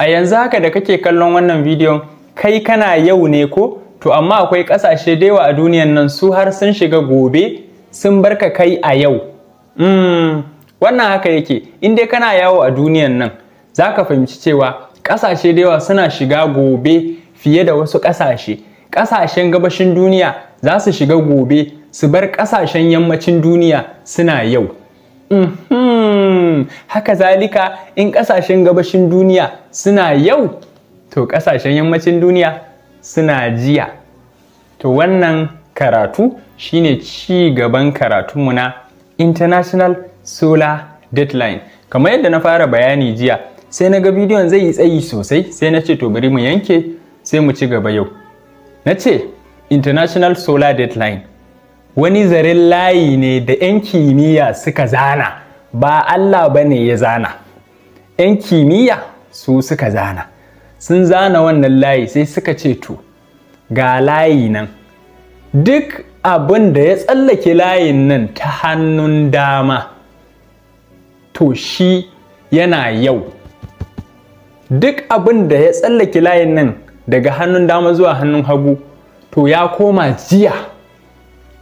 a yanzu haka da kake kallon wannan bidiyon kai kana yau ne ko to amma akwai ƙasashe da yawa a duniyan nan su har sun shiga gobe sun barka kai a yau mm, wannan haka yake in dai kana yawo a duniyan nan za ka fahimci cewa ƙasashe da yawa suna shiga gobe fiye da wasu ƙasashe ƙasashen gabashin duniya za su shiga gobe su bar ƙasashen yammacin duniya suna yau Uhm. Haka zalika in ƙasashen gabashin duniya suna yau, to ƙasashen yammacin duniya suna jiya. To wannan karatu shine ci gaban karatunmu na International Solar Deadline. Kamar yadda na fara bayani jiya, sai na ga bidiyon zai yi tsayi sosai, sai na ce to bari mu yanke sai mu ci gaba yau. Na ce International Solar Deadline wani zaren layi ne da 'yan kimiyya suka zana ba Allah ba ne ya zana 'yan kimiyya su suka zana sun zana wannan layi sai suka ce to ga layi nan duk abin da ya tsallake layin nan ta hannun dama to shi yana yau duk abin da ya tsallake layin nan daga hannun dama zuwa hannun hagu to ya koma jiya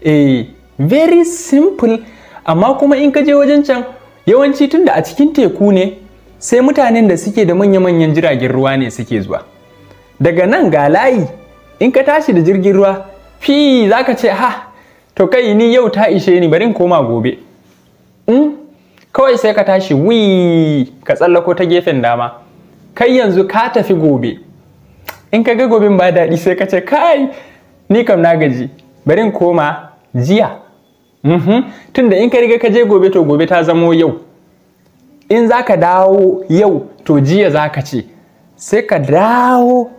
eh very simple amma kuma in ka je wajen can yawanci tunda a cikin teku ne sai mutanen da suke da manya-manyan jiragen ruwa ne suke zuwa daga nan ga layi in ka tashi da jirgin ruwa fi za ka ce ha to kai ni yau ta ishe ni bari koma gobe in mm? kawai sai ka tashi wi ka tsallako ta gefen dama kai yanzu ka tafi gobe in ka ga gobin ba daɗi sai ka ce kai ni kam na gaji bari koma jiya mhm. tunda in ka riga ka je gobe to gobe ta zamo yau in za ka dawo yau to jiya za ka ce sai ka dawo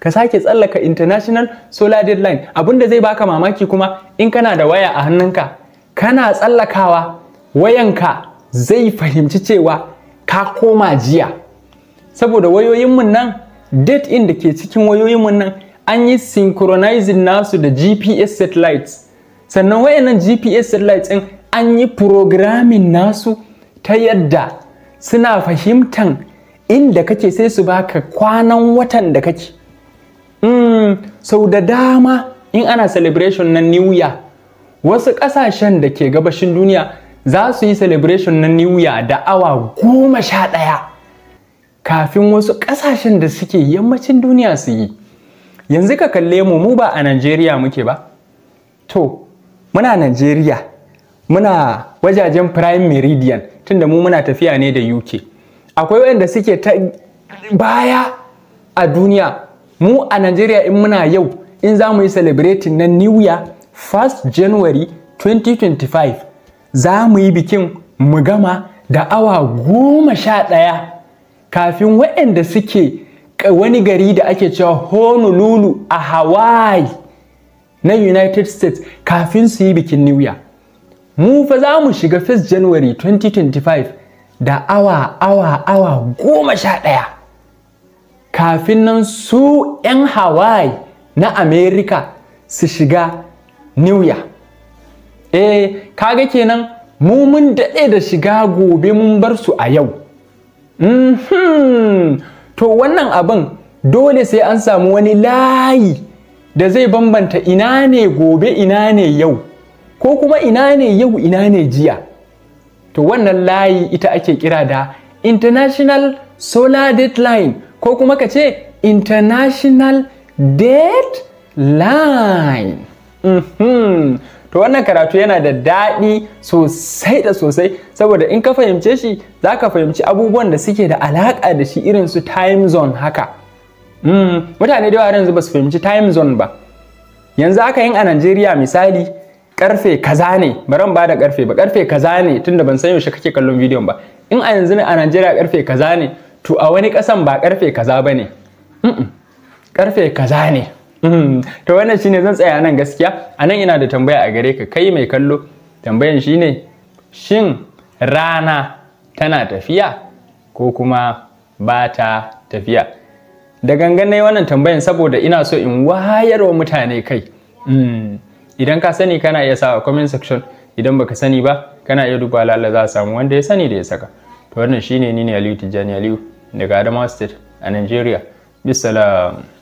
ka sake tsallaka international solar deadline abinda zai baka mamaki kuma in kana da waya a hannunka kana tsallakawa wayanka zai fahimci cewa ka koma jiya saboda wayoyinmu nan date in da ke cikin wayoyinmu nan an yi synchronizing nasu da gps satellites sannan wayannan gps satellites ɗin an yi programming nasu ta yadda suna fahimtan inda kake sai su baka kwanan watan da kake mm, sau da dama in ana celebration na new year wasu ƙasashen da ke gabashin duniya za su yi celebration na new year da awa goma sha ɗaya kafin wasu ƙasashen da suke yammacin duniya su yi yanzu ka kalle mu mu ba a Najeriya muke ba to muna Najeriya muna wajajen prime meridian tunda mu muna tafiya ne da UK akwai waɗanda suke ta baya a duniya mu a Najeriya in muna yau in za mu yi celebrating na New Year 1st January 2025 za mu yi bikin mu gama da awa goma sha ɗaya kafin waɗanda suke wani gari da ake cewa Honolulu a Hawaii na United States kafin su yi bikin New Year. Mu fa za mu shiga 1 January 2025 da awa awa awa goma sha ɗaya. Kafin nan su 'yan Hawaii na Amerika su shiga New Year. Eh, kaga kenan mu mun daɗe da shiga gobe mun bar su a yau. Mm To wannan abin dole sai an samu wani layi. da zai bambanta ina ne gobe ina ne yau ko kuma ina ne yau ina ne jiya to wannan layi ita ake kira da international solar deadline ko kuma ka ce international deadline mm -hmm. to wannan karatu yana da daɗi sosai da sosai saboda in ka fahimce shi za ka fahimci abubuwan da suke da alaƙa da shi irin su time zone haka Hmm, mutane da yawa yanzu ba su fahimci time zone ba yanzu aka yin a Najeriya misali karfe kaza ne baran ba da karfe ba karfe kaza ne tunda ban san yaushe kake kallon bidiyon ba in a yanzu ne a Najeriya karfe kaza ne to a wani kasan ba karfe kaza ba ne karfe kaza ne mm-hmm. to wannan shine zan tsaya nan gaskiya a nan ina da tambaya a gare ka kai mai kallo tambayan shine shin rana tana tafiya ko kuma ba ta tafiya da gangan na yi wannan tambayan saboda ina so in wayar wa mutane kai hmm. idan ka sani kana iya sa a comment section idan baka sani ba kana iya duba lalla za a samu wanda ya sani da ya saka to wannan shine ni ne Aliyu Tijjani Aliyu daga Adamawa State a Nigeria bisalam